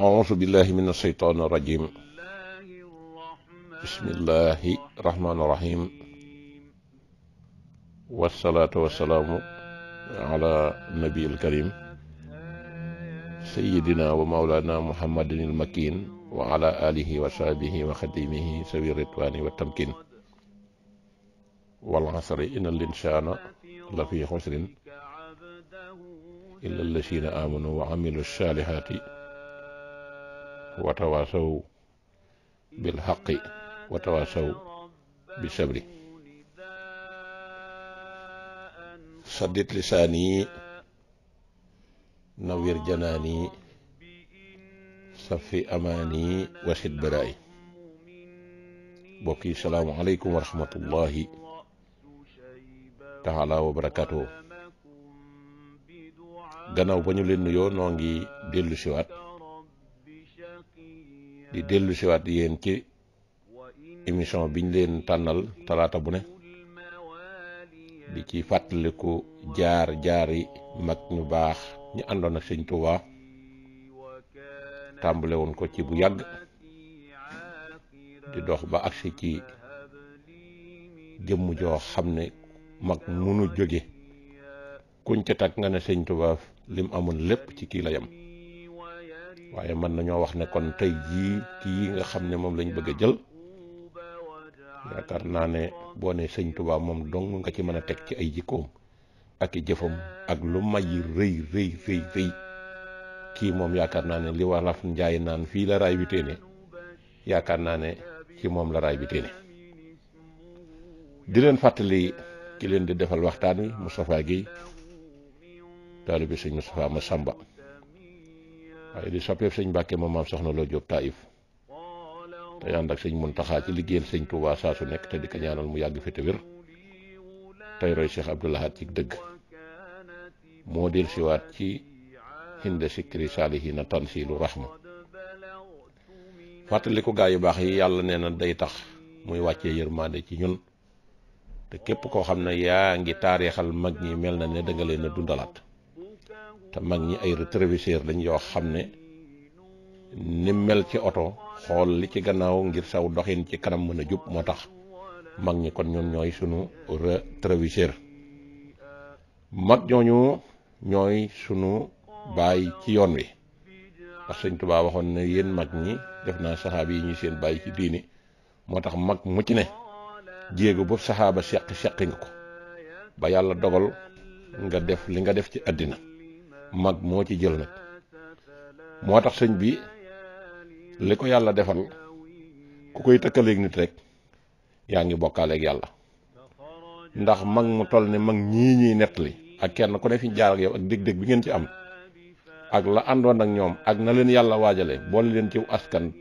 auzu billahi min asheytaani rajim bismillahi rahmaani rahim wasalaatu wasalaamu ala nabiil karim sayidina wa mawlana muhammadin il makin wa ala alihi wa sahbihi wa xadimihi sawi ridwaani wa tamkin wal asri inna linsaana la fi xusrin illa allazina amanu wa amilu saalihaati watawaasaw bil xaqi watawaasaw bi sabri saddit lisaani nawir janaani safi amaani wasit baraay mbokk yi salaamualeykum wa rahmatullahi taala wa barakaatu gannaaw ba ñu leen nuyoo siwaat di dellu siwaat yéen ci émission biñ leen tànnal talaata bu ne di ci fàttaliku jaar jaari mag ñu baax ñu àndoon ak sëñ Touba tàmbale woon ko ci bu yàgg di dox ba agsi ci jëmm joo xam ne mag munu jóge kuñ ca tag nga ne sëñ Touba lim amoon lépp ci kii la yam waaye mën nañoo wax ne kon tey jii kii nga xam ne moom lañ bëgg a jël yaakaar naa ne boo ne sëñ tubaab moom dong nga ci mën a teg ci ay jikkoom ak i jëfam ak lu may yi rëy rëy rëy kii moom yaakaar naa ne li walaaf njaay naan fii la raay bi téene yaakaar naa ne ci moom la raay bi téene di leen fàttali ki leen di defal waxtaan wi Moustapha Guèye bi sëñ Moustapha Massamba waaye di soppeef sëñ Mbàkke moom maam soxna Lo Diop Taïf tey ànd ak sëñ Muntaxa ci liggéeyal sëñ Touba saa su nekk te di ko ñaanal mu yàgg fi te wér tey roy Cheikh Abdou Lahad ci dëgg moo del siwaat ci hinde sikri saalihiina tansiilu rahma fàttali ku gaa yu baax yi yàlla nee na day tax muy wàccee yërmande ci ñun te képp koo xam ne yaa ngi taarixal mag ñi mel na ne danga leen du dundalaat te mag ñi ay rétroviseur lañ yoo xam ne ni mel ci oto xool li ci gannaaw ngir saw doxin ci kanam mën a jub moo tax mag ñi kon ñoom ñooy sunu rétroviseur mag ñooñu ñooy sunu baay ci yoon wi ndax sëñ Tuubaa waxoon ne yéen mag ñi def naa saxaaba yi ñuy seen bàyyi ci diini moo tax mag mu ci ne jéego bu saxaaba seqi seqi nga ko ba yàlla dogal nga def li nga def ci àddina mag moo ci jël nag moo tax sëñ bi li ko yàlla defal ku koy tëkkaleeg nit rek yaa ngi bokkaaleeg yàlla ndax mag mu toll ne mag ñii ñuy nettali ak kenn ku ne fi jaar ak yow ak dég-dég bi ngeen ci am ak la àndoon ak ñoom ak na leen yàlla waajale boole leen ciw askan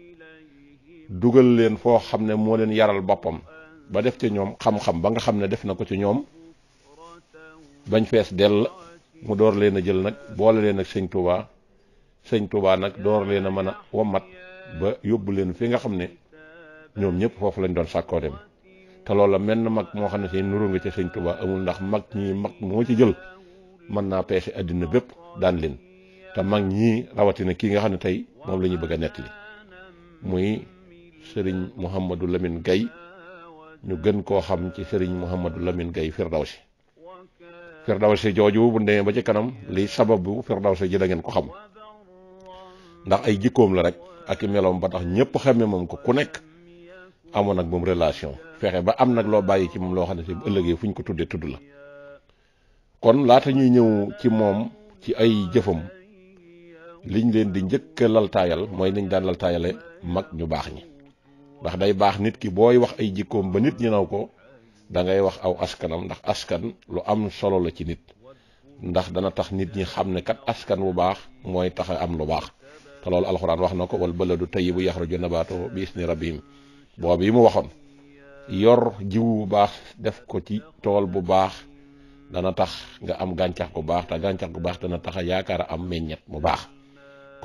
dugal leen foo xam ne moo leen yaral boppam ba def ci ñoom xam-xam ba nga xam ne def na ko ci ñoom bañ fees dell mu door leen a jël nag boole leen ak sëñ Touba sëñ Touba nag door leen a mën a wammat ba yóbbu leen fi nga xam ne ñoom ñëpp foofu lañ doon sàkkoo dem te loolu menn mag moo xam ne si nuru nga ca sëñ Touba amul ndax mag ñii mag moo ci jël mën naa peese àddina bépp daan leen te mag ñii rawatina kii nga xam ne tey moom la ñu bëgg a nettali muy sëriñ Mouhamadou lamin Gaye ñu gën koo xam ci sëriñ Mouhamadou Lamine Gaye si firdawsi jooju bu demee ba ci kanam li sababu firdawsi ji da ngeen ko xam ndax ay jikkoom la rek ak i meloom ba tax ñëpp xamee moom ko ku nekk amoon nag moom relation fexe ba am nag loo bàyyi ci moom loo xam ne si bu ëllëgee fu ñu ko tuddee tudd la kon laata ñuy ñëw ci moom ci ay jëfam liñ leen di njëkk laltaayal mooy niñ daan laltaayale mag ñu baax ñi ndax day baax nit ki booy wax ay jikkoom ba nit ñi naw ko da ngay wax aw askanam ndax askan lu am solo la ci nit ndax dana tax nit ñi xam ne kat askan bu baax mooy tax am lu baax te loolu alxuraan wax na ko wal baladu tayyibu yaxruju nabaatuhu bi isni rabbihim boobu yi mu waxoon yor jiw bu baax def ko ci tool bu baax dana tax nga am gàncax gu baax te gàncax gu baax dana tax a yaakaar a am meññet mu baax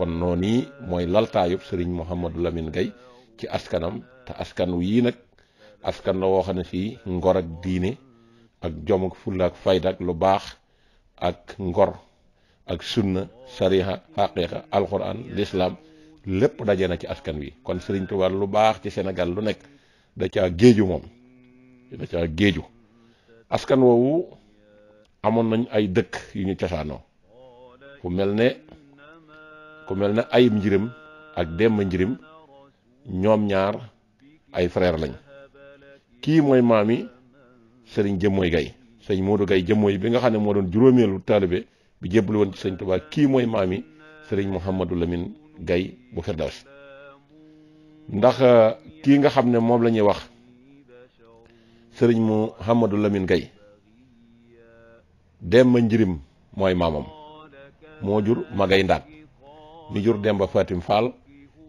kon noonu mooy laltaayub sëriñ Mouhamadou Lamine gay ci askanam te askan wi nag askan la woo xam ne fii ngor ak diine ak jom ak ak fayda lu baax ak ngor ak sunna sariha xaqiqa alquran lépp daje na ci askan wi kon Sëriñ Tuubaa lu baax ci Sénégal lu nekk da caa géeju moom da caa askan woowu amoon nañ ay dëkk yu ñu cosaanoo ku mel ne ku mel ne ayib njirim ak demb njirim ñoom ñaar ay frère lañ kii mooy maam yi sëriñ jëmmooy gay sëriñ Modou gay jëmmooy bi nga xam ne moo doon juróomeelu taalibe bi jébbalu woon ci sëriñ Tuubaa kii mooy maami yi sëriñ Mouhamadou Lamine gay bu Firdaws ndax euh, kii nga xam ne moom la ñuy wax sëriñ Mouhamadou Lamine gay Demba Njirim mooy maamam moo jur Magay Ndaat mi jur Demba Fatim Fall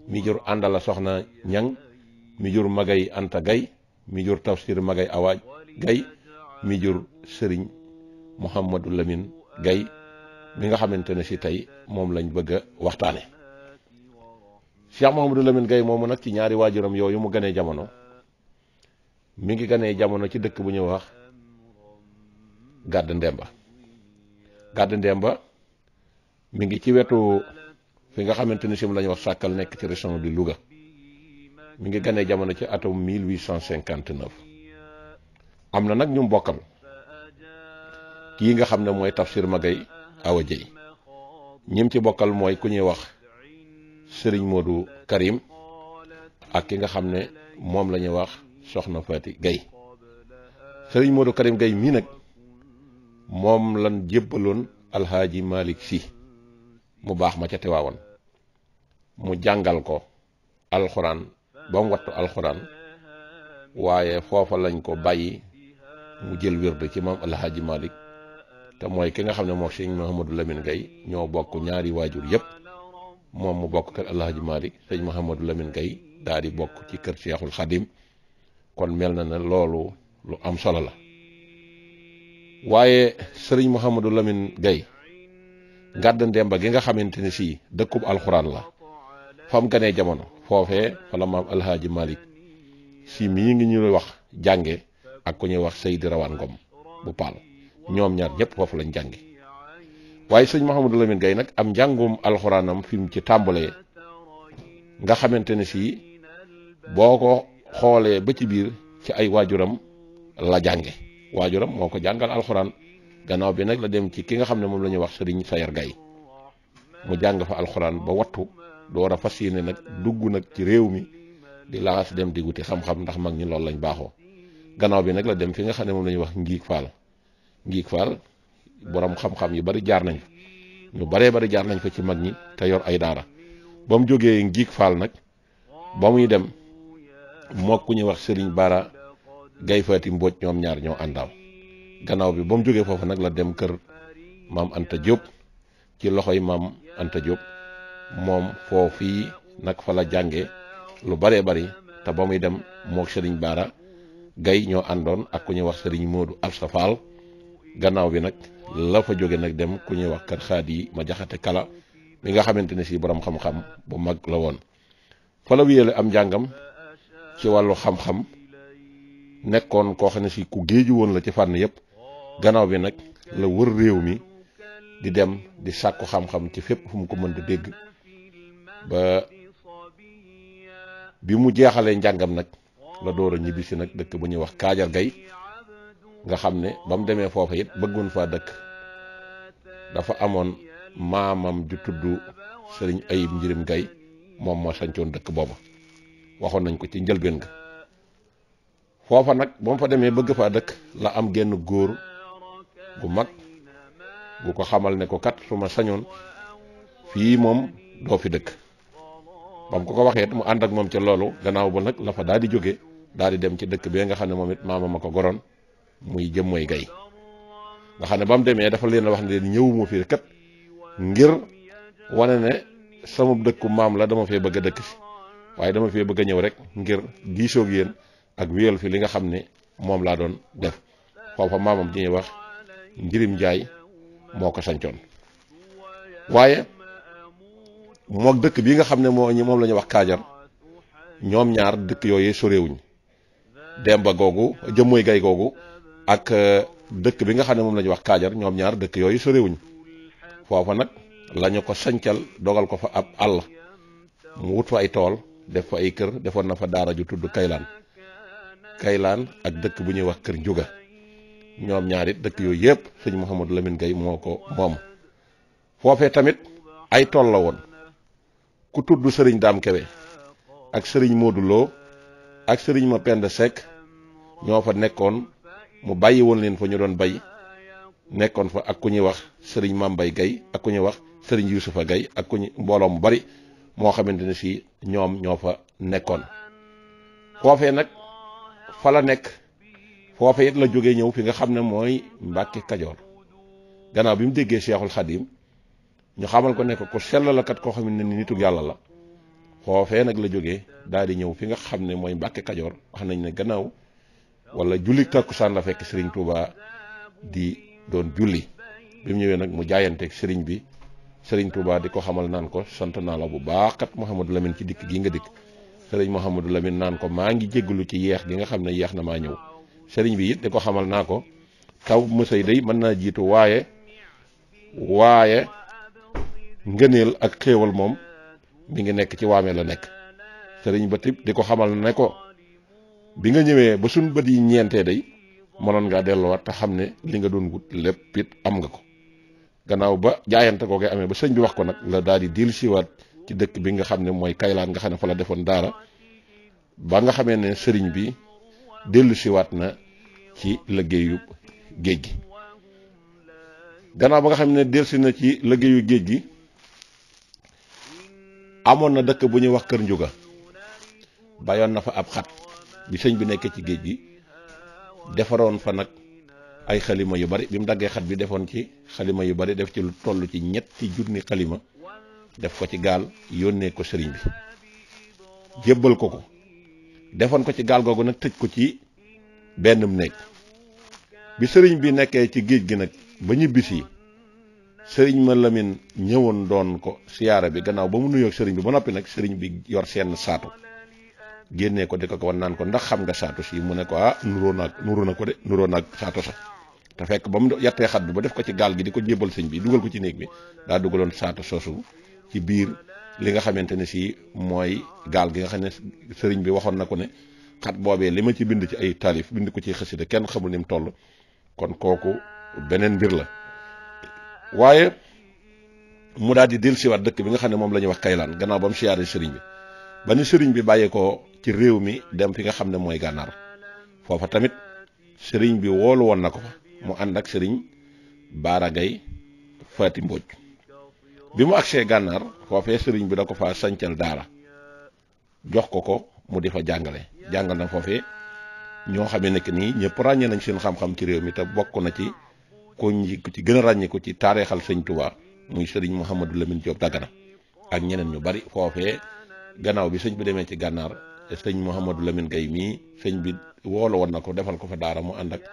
mi jur Àndala Soxna Ñang mi jur Magay Anta Gay mi jur tafsir magay awaaj gay mi jur sëriñ Mouhamadou Lamine gay mi nga xamante ne si tey moom lañ bëgg a waxtaane Cheikh Mouhamadou Lamine gay moomu nag ci ñaari waajuram yooyu mu ganee jamono mi ngi ganee jamono ci dëkk bu ñuy wax gàdd ndemba gàdd ndemba mi ngi ci wetu fi nga xamante ni sim lañu wax sàkkal nekk ci région di Louga mi ngi ganee jamono ci atum 1859 am na nag ñu mbokkal kii nga xam ne mooy tafsir magay awa jëy ñim ci bokkal mooy ku ñuy wax sëriñ moodu Karim ak ki nga xam ne moom lañuy wax soxna Faati Gay sëriñ Modou Karim Gay mii nag moom lan jébbaloon alxaaji Malick Si mu baax ma ca Tiwaawan mu jàngal ko alxuraan ba mu wattu alxuraan waaye foofa lañ ko bàyyi mu jël wérde ci maam alhaaji malik te mooy ki nga xam ne moo sëñ Mouhamadou lamin gay ñoo bokk ñaari waajur yépp moom mu bokk kër alhaaji malik sëñ Mouhamadou Lamine Gaye daal di bokk ci kër Seexul Xadim kon mel na ne loolu lu am solo la waaye sëriñ Mouhamadou Lamine Gaye gàdd ndemba gi nga xamante ne sii dëkkub alxuraan la fam ganee jamono foofee fa la maam alhaaji malik si mii ngi ñu wax jànge ak ko ñuy wax Seydi Rawaan Ngom bu paal ñoom ñaar ñëpp foofu lañ jànge waaye sëñ Mouhamadou Lamine gay nag am njàngum alxuraanam fi mu ci tàmbalee nga xamante ne sii boo ko xoolee ba ci biir ci ay waajuram la jànge waajuram moo ko jàngal alxuraan gannaaw bi nag la dem ci ki nga xam ne moom la ñuy wax sa yar gay mu jàng fa alxuraan ba wattu door a fas yéene nag dugg nag ci réew mi di laxas dem di wuti xam-xam ndax mag ñi loolu lañ baaxoo gannaaw bi nag la dem fi nga xam ne moom la ñuy wax ngiig faal ngiig faal boroom xam-xam yu bari jaar nañ fa ñu baree bari jaar nañ fa ci mag ñi te yor ay daara ba mu jógee ngiig faal nag ba muy dem mook ku ñuy wax Serigne Bara Gaye Faati ñoom ñaar ñoo àndaaw gannaaw bi ba mu jógee foofu nag la dem kër maam Anta Diop ci loxo yi maam Anta Diop moom foofii nag fa la jànge lu baree bari te ba muy dem mook sëriñ Baara Gay ñoo àndoon ak ku ñuy wax sëriñ Moodu Absa Faal gannaaw bi nag la fa jóge nag dem ku ñuy wax kër xaat yi ma jaxate kala mi nga xamante ne si borom xam-xam bu mag la woon fa la wéyale am njàngam ci wàllu xam-xam nekkoon koo xam ne si ku géeju woon la ci fànn yépp gannaaw bi nag la wër réew mi di dem di sàkku xam-xam ci fépp fu mu ko mën di dégg bi mu jeexalee njàngam nag la door a ñibbi nag dëkk bu ñuy wax Kaajar Gay nga xam ne ba mu demee foofa yit bëggoon faa dëkk dafa amoon maamam ju tudd sëriñ Ayib Njirim Gay moom moo sancoon dëkk booba waxoon nañ ko ci njëlbeen ga foofa nag ba mu fa demee bëgg faa dëkk la am genn góor bu mag bu ko xamal ne ko kat su ma sañoon fii moom doo fi dëkk ba mu ko ko waxee mu ànd ak moom ca loolu gannaaw ba nag la fa daal di jóge daal di dem ci dëkk bee nga xam ne moom it maama ma ko goroon muy jëm mooy gay nga xam ne ba mu demee dafa leen wax ne leen ñëwuma fii kat ngir wane ne sama dëkku maam la dama fee bëgg a dëkk fi waaye dama fee bëgg a ñëw rek ngir diisoog yéen ak wéyal fi li nga xam ne moom laa doon def foofa maamam di ñuy wax njirim njaay moo ko sancoon waaye mook dëkk bii nga xam ne moo moom la ñuy wax Kaajar ñoom ñaar dëkk yooyu sorewuñ Demba googu Jëmmoy Gay googu ak euh, dëkk bi nga xam ne moom la wax Kaajar ñoom ñaar dëkk yooyu sorewuñ foofa nag lañu ko sancal dogal ko fa ab àll mu wut fa ay tool def fa ay kër defoon na fa daara ju tudd Kaylaan Kaylaan ak dëkk bu ñuy wax Kër Njuga ñoom ñaar dëkk yooyu yëpp sëñ Mouhamadou lamin gay moo ko moom foofee tamit ay tool la woon ku tudd sëriñ daam Kebe ak sëriñ mooduloo ak sëriñ ma Penda Seck ñoo fa nekkoon mu bàyyi woon leen fa ñu doon bay nekkoon fa ak ku ñuy wax sëriñ bay Gay ak ku ñuy wax sëriñ Yusufa Gay ak ku ñu mbooloo mu bari moo xamante ne si ñoom ñoo fa nekkoon foofee nag fa la nekk foofee it la jógee ñëw fi nga xam ne mooy Mbàkke Kajoor gannaaw bi mu déggee Seexul Xadim ñu xamal ko ne ko ku sell la kat koo xam ne ni nituk yàlla la foofee nag la jóge daal di ñëw fi nga xam ne mooy Mbàkke Kajoor wax nañ ne gannaaw wala julli takkusaan la fekk Serigne Touba di doon julli bi mu ñëwee nag mu jaayanteeg sëriñ bi Serigne Touba di ko xamal naan ko sant naa la bu baax kat Mouhamadou Lamine ci dikk gii nga dikk Serigne Mouhamadou Lamine naan ko maa ngi jéggalu ci yeex gi nga xam ne yeex na maa ñëw sëriñ bi it di ko xamal naa ko taw mësay day mën naa jiitu waaye. ngëneel ak xéewal moom mi ngi nekk ci waame la nekk sëriñ ba tib di ko xamal ne ko bi nga ñëwee ba suñ bët yi ñeentee day mënoon ngaa delluwaat te xam ne li nga doon wut lépp am nga ko gannaaw ba jaayante koo koy amee ba sëñ bi wax ko nag la daal di dil siwaat ci dëkk bi nga xam ne mooy kaylaan nga xam ne fa la defoon daala ba nga xamee ne sëriñ bi dellu siwaat na ci liggéeyu géej gi gannaaw ba nga xam ne si na ci liggéeyu géej gi amoon na dëkk bu ñuy wax kër njuga bayoon na fa ab xat bi sëñ bi nekkee ci géej gi defaroon fa nag ay xalima yu bari bi mu daggee xat bi defoon ci xalima yu bari def ci lu toll ci ñetti junni xalima def ko ci gaal yónnee ko sëriñ bi jébbal ko ko defoon ko ci gaal googu nag tëj ko ci benn néeg bi sëriñ bi nekkee ci géej gi nag ba ñibbisi sëriñ ma Lamine ñëwoon doon ko siyaara bi gannaaw ba mu nuyoog sëriñ bi ba noppi nag sëriñ bi yor seen saatu génnee ko di ko ko wan naan ko ndax xam nga saatu si mu ne ko ah nuroo naag nuroo na ko de nuroo naag saatu sa te fekk ba mu yattee xat bi ba def ko ci gaal gi di ko jébbal sëñ bi dugal ko ci néeg bi daa dugaloon saatu soosu ci biir li nga xamante ne si mooy gaal gi nga xam ne sëriñ bi waxoon na ko ne xat boobee li ma ci bind ci ay taalif bind ko ci xasida kenn xamul ni mu toll kon kooku beneen mbir la waaye mu daal di siwaat dëkk bi nga xam ne moom la ñuy wax Kaylaan gannaaw ba mu siyaaree sëriñ bi ba sëriñ bi bàyyeekoo ci réew mi dem fi nga xam ne mooy gànnaar foofa tamit sëriñ bi woolu woon na ko fa mu ànd ak sëriñ Baara Gaye Faati Mbooj bi mu agsee gànnaar foofee sëriñ bi da ko faa sancal daara jox ko ko mu di fa jàngale jàngal na foofee ñoo xamee nekk nii ñëpp ràññee nañ seen xam-xam ci réew mi te bokk na ci. ko ñi ko ci gën a ràññee ko ci taarixal sëñ Touba muy sëriñ Mouhamadou Lamine Diop Dagana ak ñeneen ñu bari foofee gannaaw bi sëñ bi demee ci gànnaar sëñ Mouhamadou Lamine Guèye mii sëñ bi woolu woon na ko defal ko fa daara mu ànd ak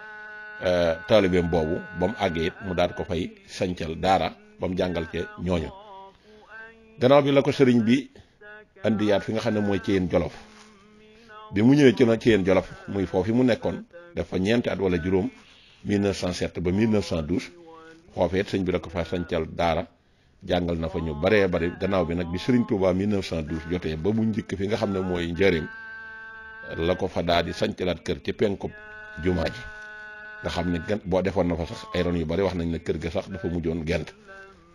euh, taalibeem boobu ba mu àggee it mu daal ko fay sancal daara ba jàngal ke ñooñu gannaaw bi la ko sëriñ bi andiyaat fi nga xam ne mooy Thièyène Jolof bi mu ñëwee ci na Jolof muy foofu mu nekkoon dafa ñeenti at wala juróom. 1907 ba 1912 foofee it sëñ bi da ko fa sancal daara jàngal na fa ñu baree bari gannaaw bi nag bi Serigne Touba 1912 jotee ba mu njëkk fi nga xam ne mooy njëriñ la ko fa daal di sancalaat kër ci penku jumaa ji nga xam ne gan boo defoon na fa sax ay ron yu bari wax nañ ne kër ga sax dafa mujjoon gent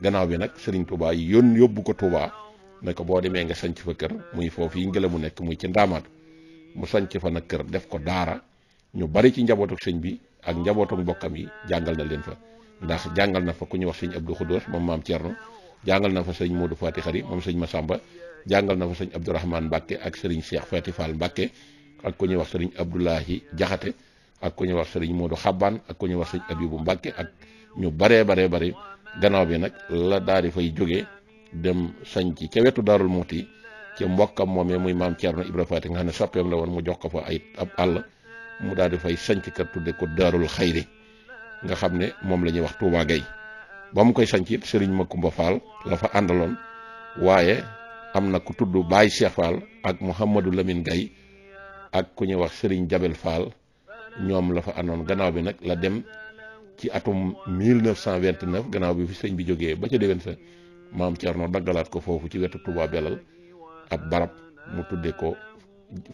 gannaaw bi nag Serigne Touba yoon yóbbu ko tuubaa ne ko boo demee nga sanc fa kër muy foofu yi ngelaw mu nekk muy ci ndaamaatu mu sanc fa nag kër def ko daara ñu bari ci njabootu sëñ bi. ak njabootuk mbokkam yi jàngal na leen fa ndax jàngal na fa ku ñuy wax sëñ Abdou Khoudous moom maam Thierno jàngal na fa sëñ Modou Fati Xari moom ma Massamba jàngal na fa sëñ Abdourahmane Mbacke ak sëriñ seex Fati Fall Mbacke ak ku ñuy wax sëriñ Abdoulahi Jaxate ak ko ñuy wax sëriñ Modou Xabbaan ak ko ñuy wax sëñ Abibu Mbacke ak ñu baree baree bare gannaaw bi nag la daal di fay jóge dem sañ ci ca wetu Daarul Muuti ci mbokkam moomee muy maam Thierno Ibra Fati nga xam ne soppeem la woon mu jox ko fa ay ab àll mu daal di fay sanc kat tudde ko daarul xayri nga xam ne moom la ñuy wax Touba Gaye ba mu koy sanc it Serigne Makumba Fall la fa àndaloon waaye am na ku tudd Baye Cheikh Fall ak Mouhamadou lamin gay ak ku ñuy wax Serigne Jabel faal ñoom la fa àndoon gannaaw bi nag la dem ci atum 1929 gannaaw bi fi sëñ bi jógee ba ca déwén sa maam Thierno daggalaat ko foofu ci wetu Touba Belal ab barab mu tudde ko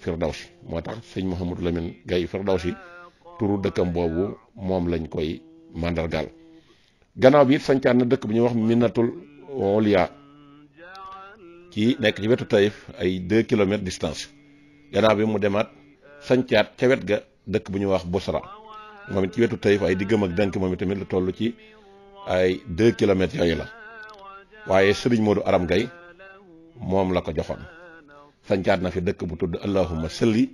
firdaws moo tax sëñ Mouhamadou Lamine Gaye firdaws yi turu dëkkam boobu moom lañ koy màndargaal gannaaw bi it sañcaan na dëkk bu ñuy wax Minatul Oliya ci nekk ci wetu Taïf ay 2 kilomètres distance gannaaw bi mu demaat sañcaat ca wet ga dëkk bu ñuy wax Bosra moom it ci wetu Taïf ay diggam ak dënk moom tamit lu toll ci ay 2 kilomètres yooyu la waaye Serigne Modou Aram Gaye moom la ko joxoon. sancaat na fi dëkk bu tudd allahuma sëlli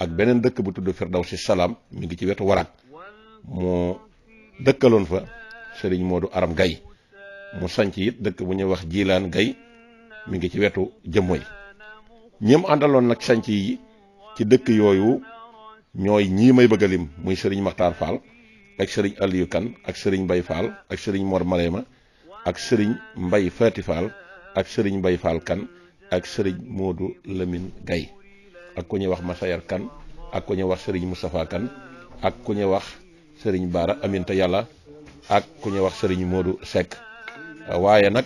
ak beneen dëkk bu tudd si salaam mi ngi ci wetu waraat moo dëkkaloon fa sëriñ Modou Aram gay mu sanc it dëkk bu ñuy wax jilaan gay mi ngi ci wetu jëmmoy ñim àndaloon nag sanc yi ci dëkk yooyu ñooy ñii may bëgg a lim muy sëriñ Makhtar Fall ak sëriñ Aliou Kane ak sëriñ Mbay Fall ak sëriñ Mor Marema ak sëriñ Mbay Faati Fall ak sëriñ Mbay Fall Kane ak sëriñ moodu Lamine Gaye ak ku ñuy wax Masayar Kan ak ku ñuy wax sëriñ Moustapha Kan ak ku ñuy wax sëriñ Baara Aminta Yàlla ak ku ñuy wax sëriñ Modou sekk waaye nag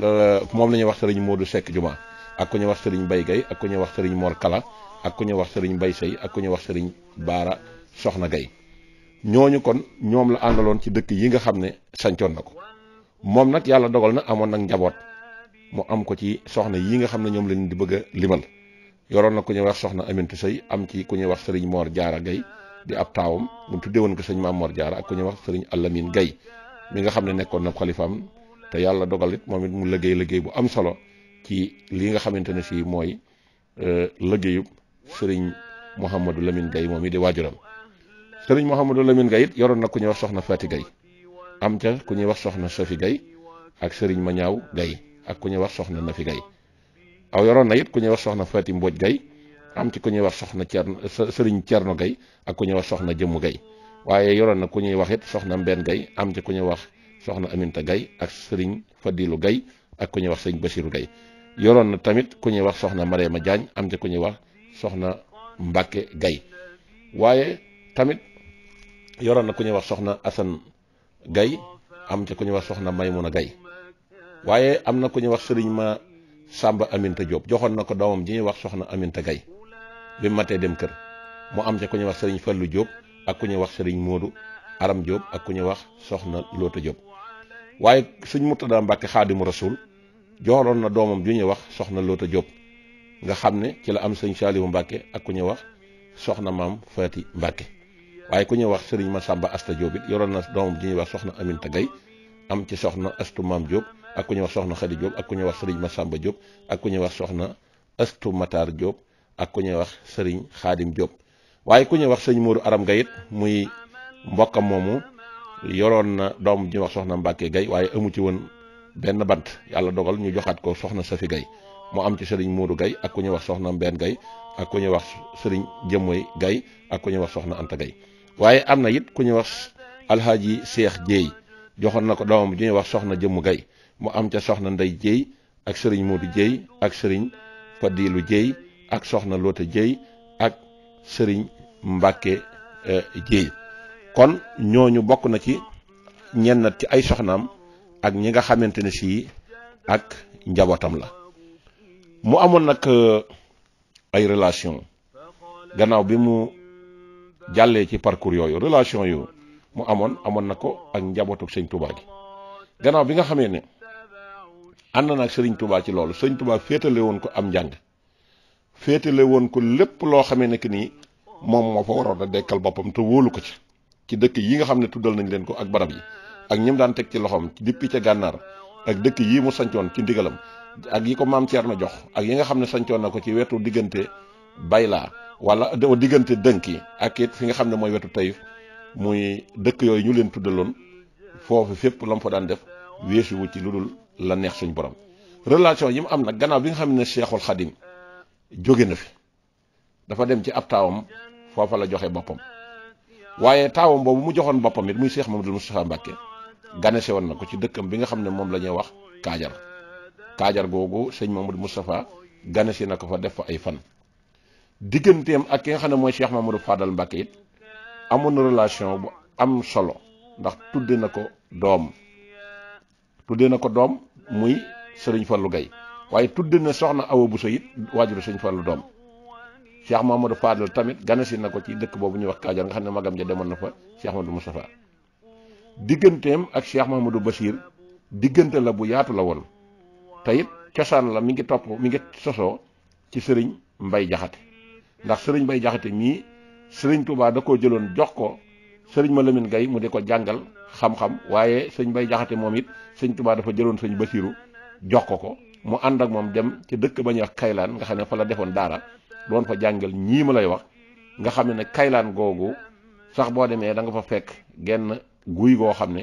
euh, moom la ñuy wax sëriñ Modou Seck Juma ak ku ñu wax sëriñ Bay gay ak ku ñuy wax sëriñ Mor Kala ak ku ñuy wax sëriñ Bay Sey ak ku ñuy wax sëriñ Baara Soxna Gaye ñooñu kon ñoom la àndaloon ci dëkk yi nga xam ne sancoon na ko moom nag yàlla dogal na amoon nag njaboot mu am ko ci soxna yi nga xam ne ñoom lañ di bëgg a limal yoroon na ku ñuy wax soxna Amintu Sëy am ci ku ñuy wax sëriñ Mor Jaara Gay di ab taawam mu tuddee woon ko sëñ Maam Mor Jaara ak ku ñuy wax sëriñ Alamin Gay mi nga xam ne nekkoon na xalifaam te yàlla dogal it moom it mu liggéey liggéey bu am solo ci li nga xamante ne sii mooy euh, liggéeyub sëriñ Mouhamadou Lamine Gay moom it di waajuram sëriñ Mouhamadou Lamine Gay it yoroon na ku ñuy wax soxna Fati Gay am ca ku ñuy wax soxna Safi Gay ak sëriñ Mañaaw Gay ak ku ñuy wax soxna Nafi Gaye aw yoroon na it ku ñuy wax soxna Fatim Mbodj gay am ci ku ñuy wax soxna Cerno Sëriñ Cerno Gaye ak ku ñuy wax soxna jëmm Gaye waaye yoroon na ku ñuy wax it soxna Mbène gay am ci ñuy wax soxna Aminta Gaye ak Sëriñ Fadilu gay ak ku ñuy wax Sëriñ Basiru Gaye yoroon na tamit ku ñuy wax soxna Mariama Jaañ am ci ku ñuy wax soxna Mbàkke gay waaye tamit yoroon na ku ñuy wax soxna Asan gay am ci ku ñuy wax soxna Maymuna Gaye waaye am na ku ñuy wax sëriñ ma Samba Aminta Diop joxoon na ko doomam ji ñuy wax soxna Aminta Gay bi mu dem kër mu am ca ñuy wax sëriñ Fallu Diop ak ku ñuy wax sëriñ Modou Aram Diop ak ku ñuy wax soxna Loota Diop waaye suñ Murtada Mbàkke Xaadimu Rasuul joxoon na doomam ju ñuy wax soxna Loota Diop nga xam ne ci la am sëñ Saaliwu Mbàkke ak ku ñuy wax soxna maam Faati Mbàkke waaye ku ñuy wax sëriñ Masamba Asta Diop it yoroon na doomam ju ñuy wax soxna Aminta Gay am ci soxna astu maam jóob ak ku ñuy wax soxna Xadi Diop ak ku ñuy wax sëriñ Massamba Diop ak ku ñuy wax soxna Astu Matar Diop ak ku ñuy wax sëriñ Xaadim Diop waaye ku ñuy wax sëriñ Moodu Aram Gaye muy mbokkam moomu yoroon na doom ñuy wax soxna Mbàkke Gaye waaye amu ci woon benn bant yàlla dogal ñu joxaat ko soxna Safi Gaye moo am ci sëriñ Moodu Gaye ak ku ñuy wax soxna Mbeen Gaye ak ku ñuy wax sëriñ Jëmmoy Gaye ak ku ñuy wax soxna Anta Gaye waaye am na it ku ñuy wax alxaaji Seex Jéey joxoon na ko doomam ju ñuy wax soxna Jëmmu Gaye mu am ca soxna Ndey Jéy ak sëriñ Moodu Jéy ak sëriñ Fadilu Jéy ak soxna Loota Jéy ak sëriñ Mbàkke e, Jéy kon ñooñu bokk na ci ñenn ci ay soxnaam ak ñi nga xamante ne sii ak njabootam la mu amoon nag e, ay relation gannaaw bi mu jàllee ci parcour yooyu relation yu mu amoon amoon na ko ak njabootu sëñ Tuubaa gannaaw bi nga xamee ne ànd naag sëriñ tubaa ci loolu sëriñ tubaa féetale woon ko am njàng féetale woon ko lépp loo xamee ne que nii moom moo fa waroon a dekkal boppam te wóolu ko ci ci dëkk yi nga xam ne tuddal nañ leen ko ak barab yi ak ñim daan teg ci loxoom depuis ca gànnaar ak dëkk yii mu sancoon ci ndigalam ak yi ko maam na jox ak yi nga xam ne sancoon na ko ci wetu diggante Bayla wala diggante dënk yi ak it fi nga xam ne mooy wetu Taïf muy dëkk yooyu ñu leen tuddaloon foofu fépp la mu daan def weesuwu ci lu dul la neex suñu borom relation yi mu am nag gannaaw bi nga xam ne Cheikhul Khadim jóge na fi dafa dem ci ab taawam foofa la joxe boppam waaye taawam boobu mu joxoon boppam it muy Cheikh Mamadou Moustapha Mbacké ganese woon na ko ci dëkkam bi nga xam ne moom la ñuy wax Kaajar Kaajar googu sëñ Mamadou Moustapha ganese na ko fa def fa ay fan digganteem ak ki nga xam ne mooy Cheikh Mamadou Fadal Mbacké it amoon na relation bu am solo ndax tudde na ko doom tudde na ko doom muy sëriñ Fallou gay waaye tudd na soxna Awa Bousso it waajuru sëriñ Fallou doom Cheikh Mamadou Fadal tamit ganasi na ko ci dëkk boobu ñuy wax Kajoor nga xam ne magam ja demoon na fa Cheikh Mamadou Moustapha digganteem ak Cheikh Mamadou Bachir diggante la bu yaatu la woon te it cosaan la mi ngi topp mi ngi sosoo ci sëriñ Mbay Jaxate ndax sëriñ Mbay Jaxate mii sëriñ Touba da koo jëloon jox ko sëriñ Malamine gay mu di ko jàngal xam-xam waaye sëñ bay Jaxate moom it sëñ tubaa dafa jëloon sëñ Basiru jox ko ko mu ànd ak moom dem ci dëkk bañ ñuy wax Kaylaan nga xam ne fa la defoon daara doon fa jàngal ñii ma lay wax nga xam ne nag Kaylaan googu sax boo demee da nga fa fekk genn guy goo xam ne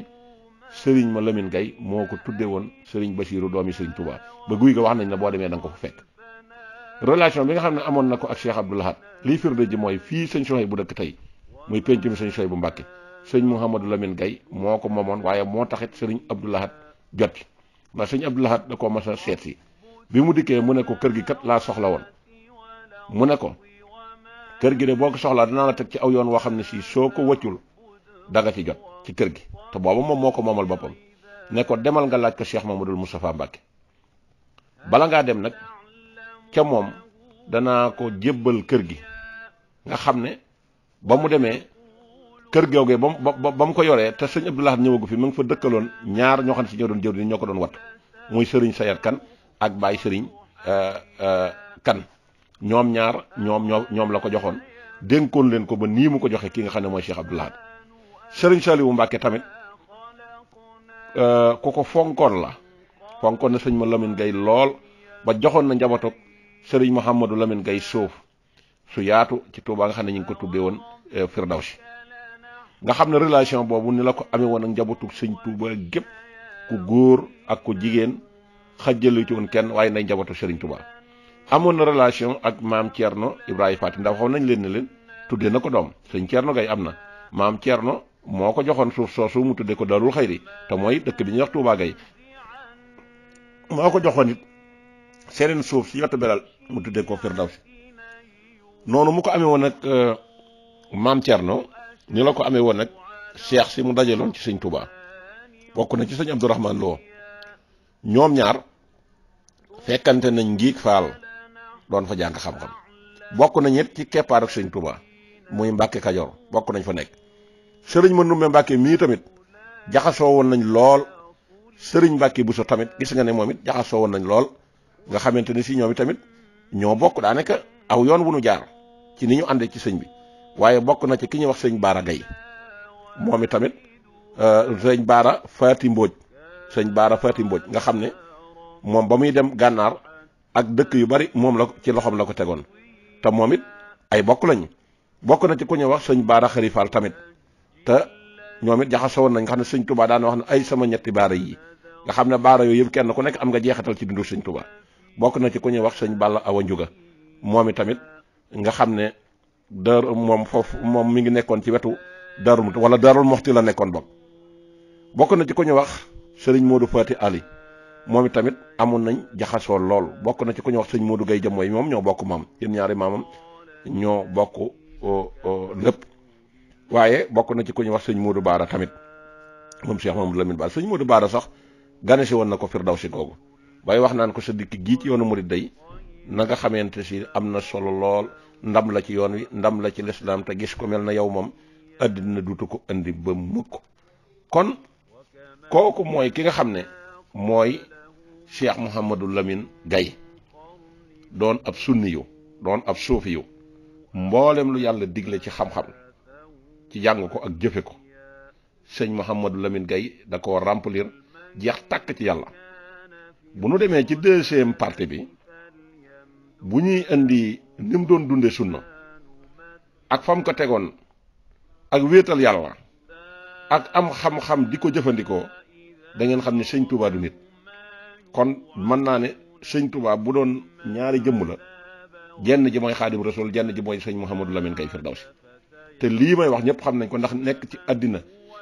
sëriñ ma Lamine Gay moo ko tudde woon sëriñ Basiru doomi sëriñ Tuubaa ba guy ga wax nañ ne boo demee da nga ko fa fekk relation bi nga xam ne amoon na ko ak Cheikh Abdoul Ahad liy firnde mooy fii sëñ Sohay bu dëkk tey muy sëñ Sohay bu Mbàkke sëñ Mouhamadou Lamine gay moo ko moomoon waaye moo taxit sëriñ Abdou jot ci ndax sëñ Abdou Lahad da ko mas seet si bi mu dikkee mu ne ko kër gi kat laa soxla woon mu ne ko kër gi de boo ko soxlaa danaa la teg ci aw yoon woo xam ne sii soo ko wëccul da ci jot ci kër gi te booba moom moo ko moomal boppam ne ko demal nga laaj ko Cheikh Mamadou Moustapha Mbacke bala ngaa dem nag ca moom danaa ko jébbal kër gi nga xam ne ba mu demee kër geewgee ba mu ba mu ko yoree te sëñ Abdou Lahad ñëwagu fi mu ngi fa dëkkaloon ñaar ñoo xam ne si ñoo doon jëw ni ñoo ko doon wattu muy sëriñ sayaat kan ak Baye sëriñ euh, euh, kan ñoom ñaar ñoom ñoo ñoom la ko joxoon dénkoon leen ko ba nii mu ko joxee ki nga xam ne mooy Cheikh Abdou Lahad sëriñ Saliou mbàkke tamit euh, ku ko fonkoon la fonkoon na sëñ ma Lamine gay lool ba joxoon na njabootog sëriñ Mouhamadou Lamine Gueye suuf su yaatu ci Touba nga xam ne ñu ngi ko tuddee woon Firdawsi nga xam ne relation boobu ni la ko amee woon ak njabootu sëñ Touba gépp ku góor ak ku jigéen xajjale ci woon kenn waaye nay njabootu sëriñ Touba amoon na relation ak maam Thierno Ibrahima Fatim ndaw waxoon nañ leen ne leen tuddee na ko doom sëñ Thierno Gaye am na maam Thierno moo ko joxoon suuf soosu mu tuddee ko Daarul Xayri te mooy dëkk bi ñuy wax Touba Gaye moo ko joxoon it seeneen suuf si wetu belal mu tuddee ko Firdawsi noonu mu ko amee woon ak euh, maam Thierno. ni la ko amee woon nag cheikh si mu dajaloon ci sëñ Touba bokk na ci sëñ Abdourahman Lo ñoom ñaar fekkante nañ ngiig faal doon fa jàng xam-xam bokk nañ it ci keppaar sëñ Touba muy Mbàkke Kajoor bokk nañ fa nekk sëriñ Mandumbe Mbàkke mii tamit jaxasoo woon nañ lool sëriñ Mbàkke so tamit gis nga ne moom it jaxasoo woon nañ lool nga xamante ni si ñoom i tamit ñoo bokk daanaka aw yoon wu nu jaar ci ni ñu àndee ci sëñ bi waaye bokk na ci ki ñuy wax sëñ Baara gay moom i tamit euh, sëñ Baara Faati Mbooj sëñ Baara Faati nga xam ne moom ba muy dem gànnaar ak dëkk yu bari moom la ci loxoom la ko tegoon te moom it ay bokk lañu bokk na ci ku ñuy wax sëñ Baara Xarifaal tamit te ñoom it jaxasoo woon nañ nga xam ne sëñ Touba daan wax na ay sama ñetti baara yi nga xam ne baara yooyu yëpp kenn ku nekk am nga jeexatal ci dundu sëñ Touba bokk na ci ku ñuy wax sëñ Balla Awa Njuga moom i tamit nga xam ne. dar moom foofu moom mi ngi nekkoon ci wetu daarul wala daarul moxti la nekkoon boog bokk na ci ko ñu wax sëriñ Modou Fati Ali moom itamit amoon nañ jaxasoo lool bokk na ci ku ñu wax sëñ Modou Guèye jëm moom ñoo bokk maam yéen ñaari maamam ñoo bokk lépp waaye bokk na ci ko ñu wax sëñ Modou Baara tamit moom Cheikh Mamadou Lamine Ba sëñ Modou Baara sax gane si woon na ko si googu waaye wax naan ko sa dikk gii ci yoonu murid day na nga xamante si am na solo lool. ndam la ci yoon wi ndam la ci lislaam te gis ku mel na yow moom àddina dutu ko indi ba mukk kon kooku mooy ki nga xam ne mooy cheikh Mouhamadou lamin gay doon ab sunni doon ab suufi mboolem lu yàlla digle ci xam-xam ci jàng ko ak jëfe ko sëñ Mouhamadou Lamine gay da ko remplir jeex tàkk ci yàlla bu nu demee ci deuxième partie bi bu ñuy indi ni doon dunde sunna ak fam ko tegoon ak wéetal yàlla ak am xam-xam di ko jëfandikoo dangeen xam ne sëñ Touba du nit kon mën naa ne sëñ Touba bu doon ñaari jëmm la jenn ji mooy xaadim rasul jenn ji mooy sëñ Mouhamadou Lamine Gaye si te lii may wax ñëpp xam nañ ko ndax nekk ci àddina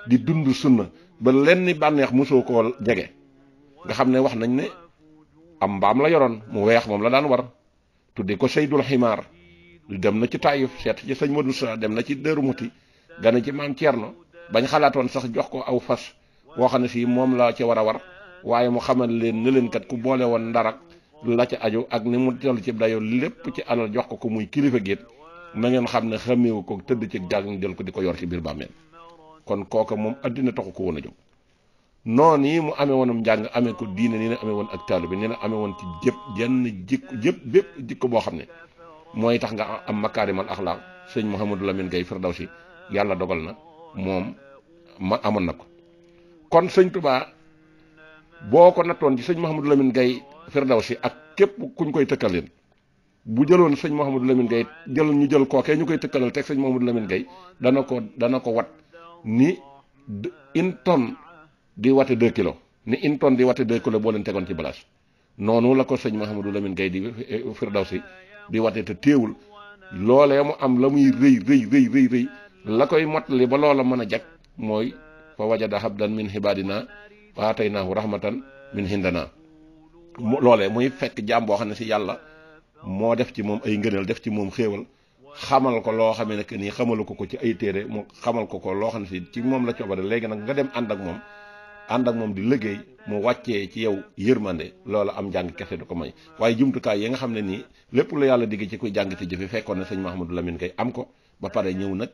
di dund sunna ba lenn bànneex mosoo ko jege nga xam ne wax nañ ne am mbaam la yoroon mu weex moom la daan war tudde ko Seydul Ximaar dem na ci Taayif seet ci ma Modou Sa dem na ci Dëru Muti gana ci maam Thierno bañ xalaatoon sax jox ko aw fas woo xam ne sii moom la ci war a war waaye mu xamal leen ni leen kat ku boole woon ndarak la ca aju ak ni mu toll ci dayoo lépp ci alal jox ko ko muy kilifa géet na ngeen xam ne xameewu ko tëdd ci gàll jël ko di ko yor ci biir bàmmeel kon kooka moom àddina taxu ko woon a jóg noonu yi mu amee woonam njàng amee ko diine ni la amee woon ak taalu bi ni la amee woon ci jëpp jenn jikko jëpp bépp jikko boo xam ne mooy tax nga am makaarimal axlaaq sëñ Mouhamadou Lamine Gueye Firdawsi yàlla dogal na moom ma amoon na ko kon sëñ Touba boo ko nattoon ci sëñ Mouhamadou Lamine Gueye Firdawsi ak képp kuñ koy tëkkal leen bu jëloon sëñ Mouhamadou Lamine Gueye jël ñu jël kookee ñu koy tëkkalal teg sëñ Mouhamadou Lamine gay dana ko dana ko wat ni une tonne di wate 2 kilos ni une tonne di wate 2 kilos boo leen tegoon ci balaas noonu la ko sëñ Mouhamadou Lamine Gueye di eh, eh, si di wate te téewul loolee mu am la muy rëy rëy rëy rëy rëy la koy mottali ba loola mën a jag mooy fa wajada habdan min xibaadina wa ataynaahu rahmatan min hindana loolee muy fekk jaam boo xam ne si yàlla moo def ci moom ay ngëneel def ci moom xéewal xamal ko loo xamee ne que nii xamalu ko ko ci ay téere mu xamal ko ko loo xam ne si ci moom la coobare léegi nag nga dem ànd ak moom ànd ak moom di liggéey mu wàccee ci yow yërmande loola am jàng kese du ko may waaye jumtukaay yi nga xam ne nii lépp lu yàlla digg ci kuy jàng jëfe fekkoon na señ Mahamadou Lamine Gaye am ko ba pare ñëw nag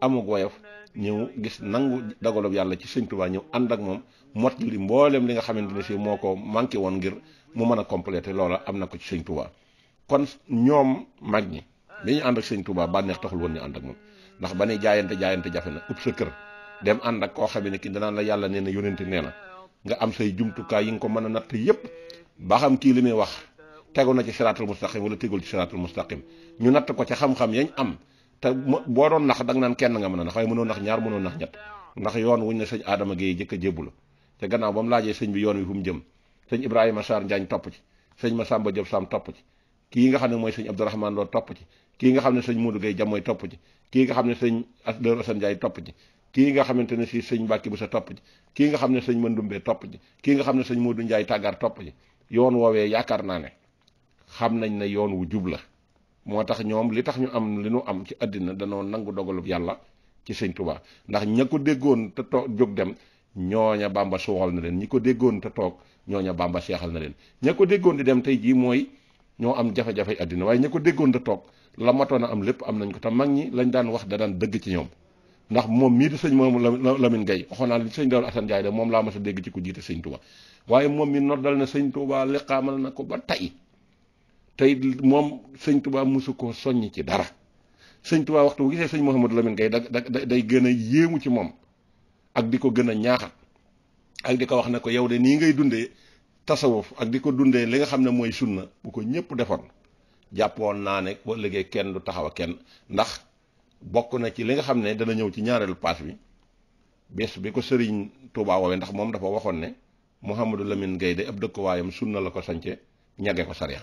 amug woyof ñëw gis nangu dagalob yàlla ci sëñ Tuubaa ñëw ànd ak moom mot li mboolem li nga xamante ne si moo ko manqué woon ngir mu mën a complété loola am na ko ci sëñ Tuubaa kon ñoom mag ñi bi ñu ànd ak sëñ Tuubaa bànneex taxul woon ñu ànd a moom ndax ba ne jaayante jafe na ub sa kër dem ànd ak koo xam ne ki danaan la yàlla nee na yónente nee na nga am say jumtukaay yi nga ko mën a natt yépp ba xam kii li muy wax tegu na ci siraatul mustaqim wala tegul ci siraatul mustaqim ñu natt ko ci xam-xam yañ am te boo doon nax danga naan kenn nga mën a nax waaye mënoo nax ñaar mënoo nax ñett ndax yoon wuñ ne sëñ Adama Gueye jëkk a jébbu la te gannaaw ba mu laajee sëñ bi yoon wi fu mu jëm sëñ Ibrahima Sarr Njaañ topp ci sëñ Masamba Diop Sam topp ci kii nga xam ne mooy sëñ Abdourahmane Lo topp ci kii nga xam ne sëñ Modou Gueye Jamoy topp ci kii nga xam ne sëñ Asdor Assane Ndiaye topp ci kii nga xamante ne si sëñ Mbàkke bu sa topp ji kii nga xam ne sëñ Mandumbee topp kii nga xam ne sëñ Moodu Njaay tàggar topp ji yoon woowee yaakaar naa ne xam nañ ne yoon wu jub la moo tax ñoom li tax ñu am li ñu am ci àddina danoo nangu dogalub yàlla ci sëñ Tuubaa ndax ña ko déggoon te toog jóg dem ñooña Bàmba suuxal na leen ñi ko déggoon te toog ñooña Bàmba seexal na leen ña ko déggoon di dem tey jii mooy ñoo am jafe-jafe àddina waaye ña ko déggoon te toog la matoon a am lépp am nañ ko te mag ñi lañ daan wax da daan dëgg ci ñoom ndax moom mii di sëñ moomu Lamine Gueye waxoon naa li sëñ Daaru Asan Njaay de moom laa mas a dégg ci ku jiite sëñ Touba waaye moom mi noddal na sëñ Touba liqaamal na ko ba tey tey moom sëñ Touba mosu koo soññ ci dara sëñ Touba waxtu bu gisee sëñ Mouhamadou Lamine Gueye da day gën a yéemu ci moom ak di ko gën a ñaaxa ak di ko wax ne ko yow de nii ngay dundee tasawuf ak di ko dundee li nga xam ne mooy sunna bu ko ñépp defoon jàppoon naa ne boo liggéey kenn du taxaw kenn ndax bokk na ci li nga xam ne dana ñëw ci ñaareelu paas bi bés bi ko sëriñ Touba woowee ndax moom dafa waxoon ne Mouhamadou Lamine gay de ab dëkkuwaayam sunna la ko sance ñagge ko sariya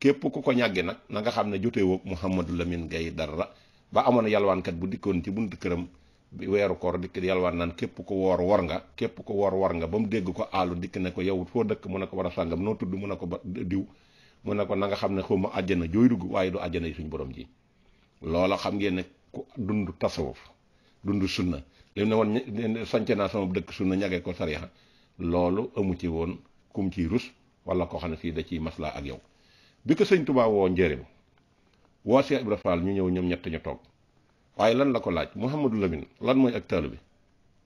képp ku ko ñàgge nag na nga xam ne joteewoog Mouhamadou Lamine Gueye dara ba amoon yalwaankat bu dikkoon ci buntu këram bi weeru koor dikk yalwaan naan képp ko woor wor nga képp ko woor wor nga ba mu dégg ko aalu dikk ne ko yow foo dëkk mu ne ko war a sàngam noo tudd mu ne ko ba diw mu ne ko na nga xam ne xaw ma àjjana jooy dugg waaye du àjjana yi suñu borom ji loola xam ngeen ne ku dund tasawuf dund sunna lim ne woon sanc naa sama dëkk sunna ñagee ko sariya loolu amu ci woon kum ciy rus wala koo xam ne si da ciy maslaa ak yow bi ko sëñ Tuubaa woo njëriñ woo see Ibra Fall ñu ñëw ñoom ñett ñu toog waaye lan la ko laaj Mouhamadou Lamine lan mooy ak taalibe bi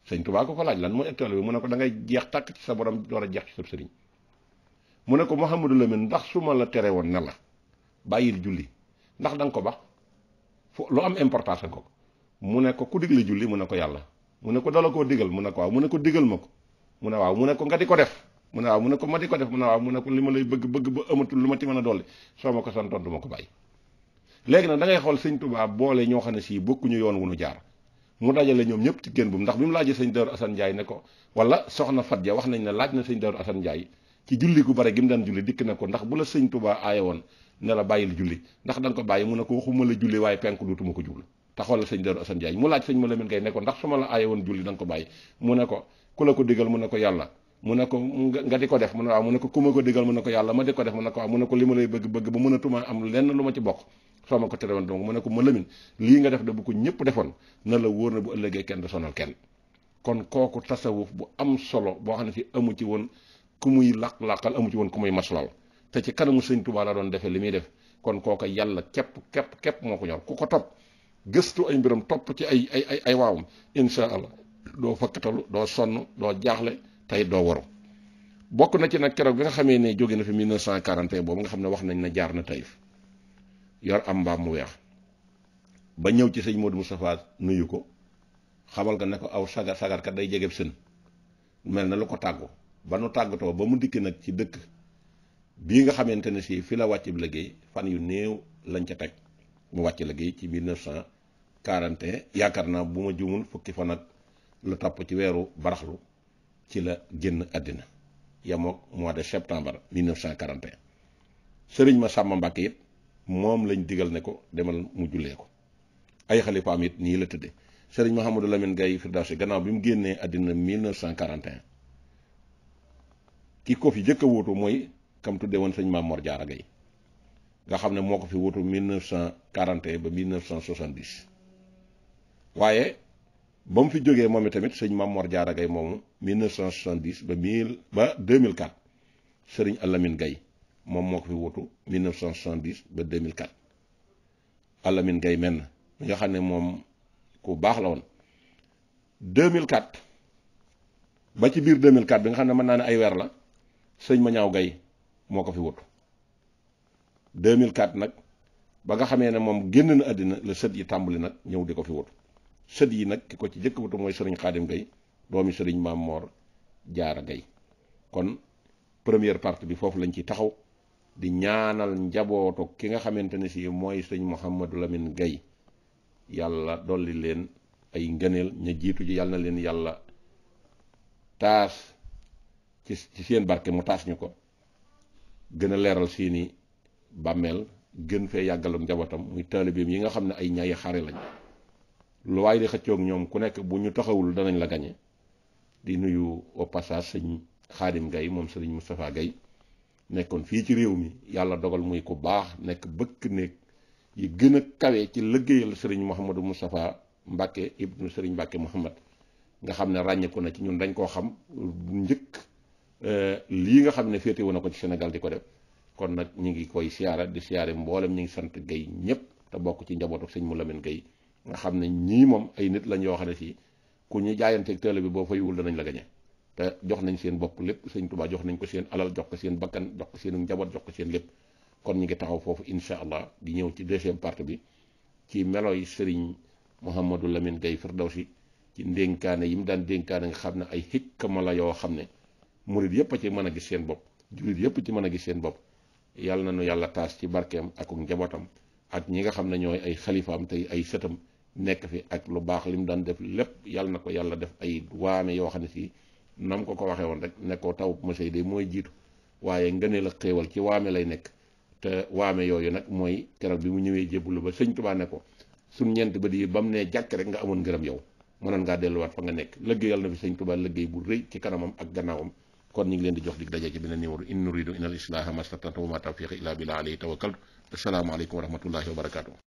sëñ Tuubaa ko ko laaj lan mooy ak taalibe bi mu ne ko dangay jeex tàkk ci sa borom door a jeex ci sa sëriñ mu ne ko Mouhamadou Lamine ndax su ma la tere woon ne la bàyyil julli ndax da ko bax lu am importance nga ko mu ne ko ku digle julli mu ne ko yàlla mu ne ko dala koo digal mu ne ko waaw mu ne ko digal ma ko mu ne waaw mu ne nga di ko def mu ne waaw mu ne ko ma di ko def mu ne waaw mu ne ko li ma lay bëgg bëgg ba amatul lu ma ci mën a dolli soo ma ko santoon du ma ko bàyyi léegi nag dangay xool sëñ Tuubaa boole ñoo xam ne sii bokkuñu yoon wu nu jaar mu dajale ñoom ñëpp ci génn bu ndax bi mu laaj sëñ Daaru Asan Njaay ne ko wala soxna Fat ja wax nañ ne laaj na sëñ Daaru Asan Njaay ci julli gu bare gi mu daan dikk na ko ndax bu la sëñ Tuubaa aaye woon ne la bàyyil julli ndax da nga ko bàyyi mu ne ko waxuma la julli waaye penk duutuma ko jublu te xoolal sëñ Darou Assane Ndiaye mu laaj sëñ ma Gaye ne ko ndax su ma la aaye woon julli da ko bàyyi mu ne ko ku la ko digal mu ne ko yàlla mu ko def mu mu ne ko ku ma ko digal mu ne ko yàlla ma di ko def mu ne ko waaw mu ne ko li ma lay bëgg-bëgg ba mënatuma am lenn lu ma ci bokk soo ma ko terewoon donc mu ne ko Malamine lii nga def de bu ko ñëpp defoon na la wóor na bu ëllëgee kenn du sonal kenn kon kooku tasawuf bu am solo boo xam ne si amu ci woon ku muy làq-làqal amu ci woon ku muy maslal te ci kanamu sëñ Tuubaa la doon defee li muy def kon kooka yàlla képp képp képp moo ko ñor ku ko topp gëstu ay mbiram topp ci ay ay ay ay waawam incha allah doo fakkatalu doo sonn doo jaaxle tey doo waru bokk na ci nag keroog bi nga xamee ne jóge na fi 1941 boobu nga xam ne wax nañ ne jaar na Taïf yor am mbaam mu weex ba ñëw ci sëñ Modou Moustapha nuyu ko xamal ko ne ko aw sagar sagar kat day jegeb sën mel na lu ko tàggu ba nu tàggatoo ba mu dikk nag ci dëkk. bi nga xamante ne si fi la wàcc liggéey fan yu néew lañ ca teg mu wàcc liggéey ci 1941 yaakaar naa bu ma juumul fukki fan ak lu topp ci weeru baraxlu ci la génn àddina yamook mois de septembre 1941 sëriñ ma sàmma Mbàkke it moom lañ digal ne ko demal mu jullee ko ay xalifaam it nii la tëddee sëriñ Mouhamadou Lamine Gaye Firdawsi gannaaw bi mu génnee àddina 1941 ki ko fi jëkk a wóotu mooy kam tuddee woon sëñ Maam Mor Diarra Gaye nga xam ne moo ko fi wutu 1941 ba 1970 waaye ba mu fi jógee moom tamit sëñ Maam Mor Diarra Gaye moomu 1970 ba 1000 ba 2004 sëriñ Alamine Gaye moom moo ko fi wutu 1970 ba 2004 Alamine Gaye menn mi nga xam ne moom ku baax la woon 2004 ba ci biir 2004 bi nga xam ne mën naa ne ay weer la sëñ Mañaaw gay moo ko fi wut 2004 nag ba nga xamee ne moom génn na àddina la sët yi tàmbali nag ñëw di ko fi wut sët yi nag ki ko ci jëkk wutu mooy sëriñ Xaadim Gay doomi sëriñ Maam Moor Jaara Gay kon première partie bi foofu lañ ci taxaw di ñaanal njabootu ki nga xamante ne si mooy sëñ Mouhamadou Lamine Gay yàlla dolli leen ay ngëneel ña jiitu ji yàlla leen yàlla taas ci ci seen barke mu taas ñu ko gën a leeral seeni bàmmeel gën fee yàggaloog njabootam muy taalibeem yi nga xam ne ay ñayi xare lañ lu waay di xëccoog ñoom ku nekk bu ñu taxawul danañ la gañe di nuyu au sëñ Xaadim gay moom sëriñ Moustapha Gaye nekkoon fii ci réew mi yàlla dogal muy ko baax nekk bëkk néeg yi gën a kawe ci liggéeyal sëriñ Mouhamadou Moustapha Mbacke ibnu sëriñ Mbacke Mouhamad nga xam ne ràññeeku na ci ñun dañ koo xam njëkk Euh, lii nga xam ne féete woon na ko ci Sénégal di ko def kon nag ñu ngi koy siyaara di siyaare mboolem ñi ngi sant Guèye ñëpp te bokk ci njabootu sëñ mu Lamine Guèye nga xam ne ñii moom ay nit lañ yoo xam ne si ku ñu jaayanteeg télé bi boo faywul danañ la gañe te jox nañ seen bokk lépp sëñ Tuubaa jox nañ ko seen alal jox ko seen bakkan jox ko seen njaboot jox ko seen lépp kon ñu ngi taxaw foofu incha allah di ñëw ci deuxième partie bi ci melo yi Serigne Mouhamadou Lamine Guèye Firdawsi ci ndénkaane yi mu daan dénkaane nga xam ne ay xikma la yoo xam ne murit yëpp a ci mën a gis seen bopp jullit yëpp ci mën a gis seen bopp yàlla na nu yàlla taas ci barkeem ak njabootam ak ñi nga xam ne ñooy ay xalifaam te ay sëtam nekk fi ak lu baax li mu daan def lépp yàlla na ko yàlla def ay waame yoo xam ne si nam ko ko waxee woon rek ne taw monsieur de mooy jiitu waaye ngëneel ak xéewal ci waame lay nekk te waame yooyu nag mooy keroog bi mu ñëwee jébbalu ba sëñ Tuubaa ne ko suñ ñeent bët yi ba mu nee jàkk rek nga amoon ngërëm yow mënoon ngaa delluwaat fa nga nekk liggéeyal yàlla fi sëñ Tuubaa liggéey bu rëy ci kanamam ak gannaawam kon ñu ngi leen di jox dig daje ci beneen numéro in nuridu illa al islaha mastata'tu wa ma tawfiqi illa billah alayhi tawakkaltu asalaamaaleykum wa rahmatullahi wa barakatuh